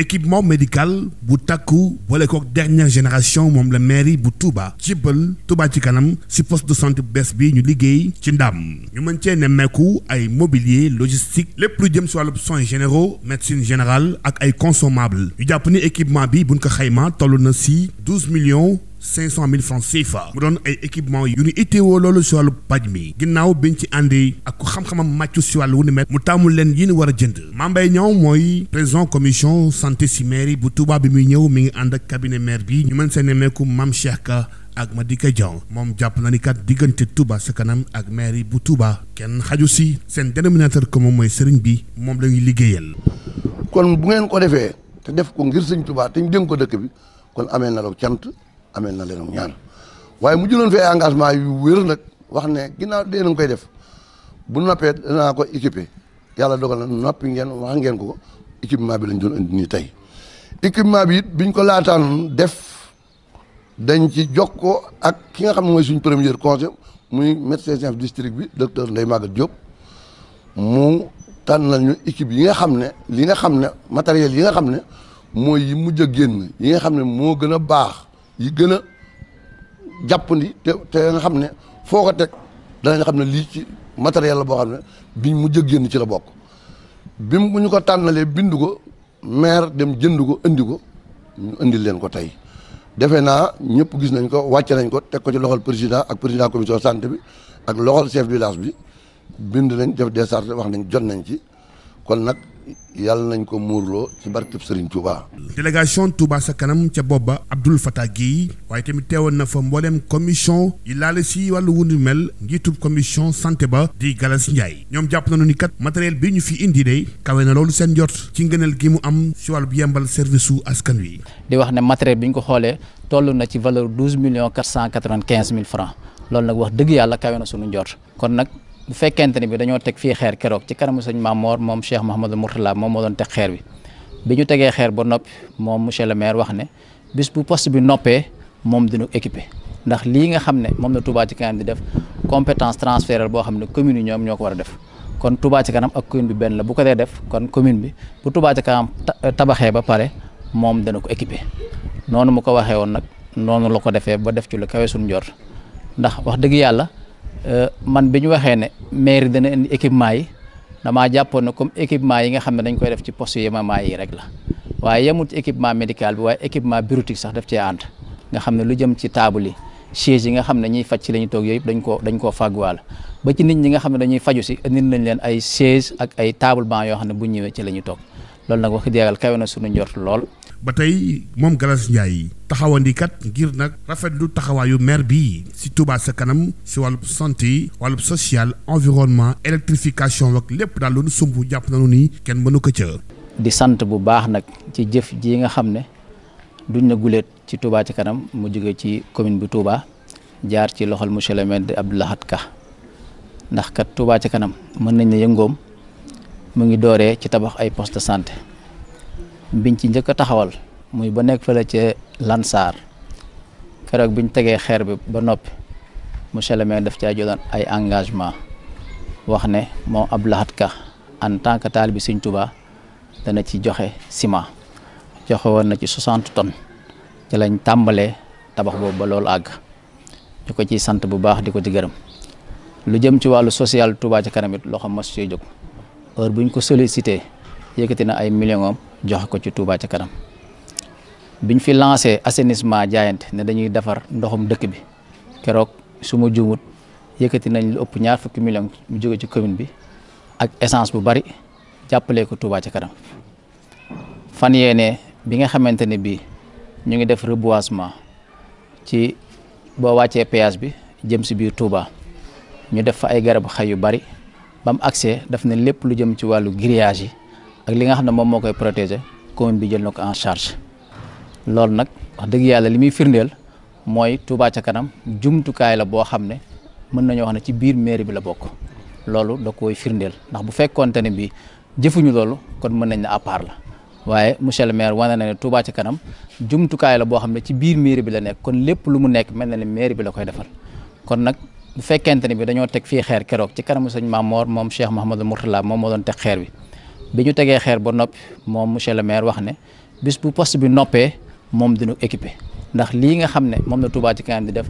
équipement médical bu takku boole kook dernière génération moom la mairie bu Touba jébbal Touba ci kanam si poste de santé bu bees bi ñu liggéey ci ndam ñu mën cee nemmeeku ay mobilier logistique lépp lu jëm si wàllu soins généraux médecine générale ak ay consommables ñu jàpp ni équipement bi buñ ko xayma toll na si douze millions cinq cent mille francs CFA mu doon ay équipement yu ñu itteewoo loolu si wàllu paj mi ginnaaw biñ ci àndi ak ku xam-xamam màccu si wàllu wu ni mel mu tàmmul leen yi ni war a jënd mambay ñëw mooy président commission santé si maire yi bu Touba bi muy ñëw mi ngi ànd ak cabinet maire bi ñu mën seen nemeeku mam Cheikh Ka ak Madické Diaw moom jàpp na ni kat diggante Touba sa kanam ak maire yi bu Touba kenn xaju si seen dénominateur commun mooy sëriñ bi moom la ñuy liggéeyal. bu ngeen ko te def ko ngir sëñ Touba te ñu ko dëkk bi kon amee na la amel na leen ñaan waaye mu jëloon fi engagement yu wér nag wax ne ginnaaw dee nañ koy def bu noppee danaa ko équiper yàlla dogal na noppi ngeen wax ngeen ko équipement bi lañ doon indi tey équipement bi it biñ ko laataan def dañ ci jokkoo ak ki nga xam ne mooy suñ premier conseil muy médecin chef district bi docteur Ndeye Maguette Diop mu tànnal équipe yi nga xam ne li nga xam ne matériel yi nga xam ne mooy yi mujj génn yi nga xam ne moo gën a baax yi gën a jàppandi te te nga xam ne foo ko teg danañ xam ne lii ci matériel la boo xam ne bi mu jëggéenn ci la bokk bi mu ñu ko tànnalee bindu ko maire dem jënd ko indi ko ñu indil leen ko tey defe naa ñëpp gis nañ ko wàcce nañ ko teg ko ci loxol président ak président commission santé bi ak loxol chef de village bi bind nañ def des chartes wax nañ jot nañ ci kon nag yàlla nañ ko muurloo ci barkeb Serigne Touba. délégation Touba sa kanam ca booba Abdoul Fattah Guèye waaye tamit teewoon na fa mbooleem commission yi laale si wàllu wundu mel njiitub commission santé ba di Galas Ndiaye ñoom jàpp nañu ni kat matériel bi ñu fi indi de kawe na loolu seen jot ci ngëneel gi mu am si wàllu yembal service su askan wi. di wax ne matériel bi ñu ko xoolee toll na ci valeur douze million quatre cent quatre-vingt-quinze mille francs wax dëgg yàlla kawe na sunu njort bu fekkente ne bi dañoo teg fii xeer keroog ci kanamu sëñ Mamor moom Cheikh Mouhamadou Mourtala moom moo doon teg xeer bi bi ñu tegee xeer ba noppi moom monsieur le maire wax ne bis bu post bi noppee moom dina équipe ndax lii nga xam ne moom la Touba ci kanam di def compétence transférale boo xam ne commune yi ñoom ñoo ko war def kon Touba ci kanam ak commune bi benn la bu ko dee def kon commune bi bu Touba kanam euh, tabaxee ba pare moom dana ko équipé noonu mu ko waxee woon nag noonu la ko defee ba def ci lu kawe suñu njort ndax wax yàlla. Euh, man bi ñu waxee ne maire dana indi équipement yi damaa jàppoon ne comme équipement yi nga xam ne dañ koy def ci poste yemamaay yi rek la waaye yemul ci équipement médical bi waaye équipement bureautique sax def cee ànd nga xam ne lu jëm ci table yi chaise yi nga xam ne ñuy faj ci la ñu toog yooyu dañ koo dañ koo fàgguwaal ba ci nit ñi nga xam ne dañuy faju si nit nañ leen ay chaise ak ay table banc yoo xam ne bu ñëwee ci la ñu toog loolu nag wax dëgg yàlla kawe na suñu lool ba tey moom Galas Ndiaye taxawandikat ngir nag rafet rafetlu taxawaayu maire bii si Touba sa kanam si wàllub santé wàllub sociale environnement électrification ak lépp daal loolu sumb jàpp nañu ni kenn mënu ko ca. di sant bu baax nag ci jëf ji nga xam ne duñ na ci Touba ci kanam mu jóge ci commune bi Touba jaar ci loxol monsieur le maire Abdou Lahad Ka ndax kat Touba ci kanam mën nañ ne yëngoom mu ngi dooree ci tabax ay poste de santé. biñ ci njëkk a taxawal muy ba nekk fële ca Lansar keroog biñ tegee xeer bi ba noppi monsieur le maire def caa jëloon ay engagement wax ne moom Abdou Lahad Ka en tant que taalibe Sëriñ Tuubaa dana ci joxe ciment joxe na ci soixante tonnes ci lañ tàmbalee tabax boobu ba loolu àgg ñu ko ciy sant bu baax di ko ci gërëm lu jëm ci wàllu sociale Touba ci kanam it loo xam mas cee jóg heure buñ ko sollicité yëkkati na ay millions joxe ko ci Touba ca kanam biñ fi lancé assainissement jaayante ne dañuy defar ndoxum dëkk bi keroog su ma juumut yëkkati nañ lu ëpp ñaar fukki million mu jóge ci commune bi ak essence bu bari jàppalee ko Touba ca kanam fan yee bi nga xamante ne bii ñu ngi def reboisement ci boo wàccee péage bi jëm si biir Touba ñu def fa ay garabu xay yu bari bam accès daf na lépp lu jëm ci wàllu grillage yi ak li nga xam ne moom moo koy protéger commune bi jël na ko en charge loolu nag wax dëgg yàlla li muy firndeel mooy Touba ca kanam jumtukaay la boo xam ne mën nañoo wax ne ci biir mairie bi la bokk loolu da koy firndeel ndax bu fekkoonte ne bii jëfuñu loolu kon mën nañ ne à part la waaye monsieur le maire wane na ne Touba ca kanam jumtukaay la boo xam ne ci biir mairie bi la nekk kon lépp lu mu nekk mel na ne maire bi la koy defal kon nag bu fekkente ne bi dañoo teg fii xeer keroog ci kanamu sëñ Mamoor moom Cheikh Mahamadou Mourtala moom moo doon teg xeer bi bi ñu tegee xeer ba noppi moom monsieur le maire wax ne bis bu post bi noppee moom dina équipe ndax lii nga xam ne moom la Touba ci kanam di def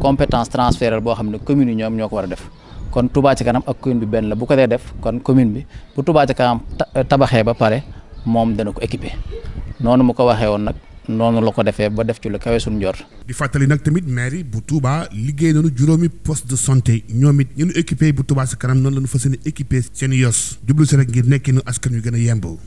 compétence transférale boo xam ne commune yi ñoom ñoo ko war a def kon Touba ci kanam ak commune bi benn la bu ko dee def kon commune bi bu Touba kanam tabaxee ba pare moom dana ko équipé noonu mu ko waxee woon nag. noonu la ko defee ba def ci lu kawe suñu njor di fàttali nag tamit mairie bu Touba liggéey na nu juróomi poste de santé ñoom it ñu nu bu Touba sa kanam noonu la ñu fas yéene équipé seen yos jublu si rek ngir nekkinu askan wi gën a yemb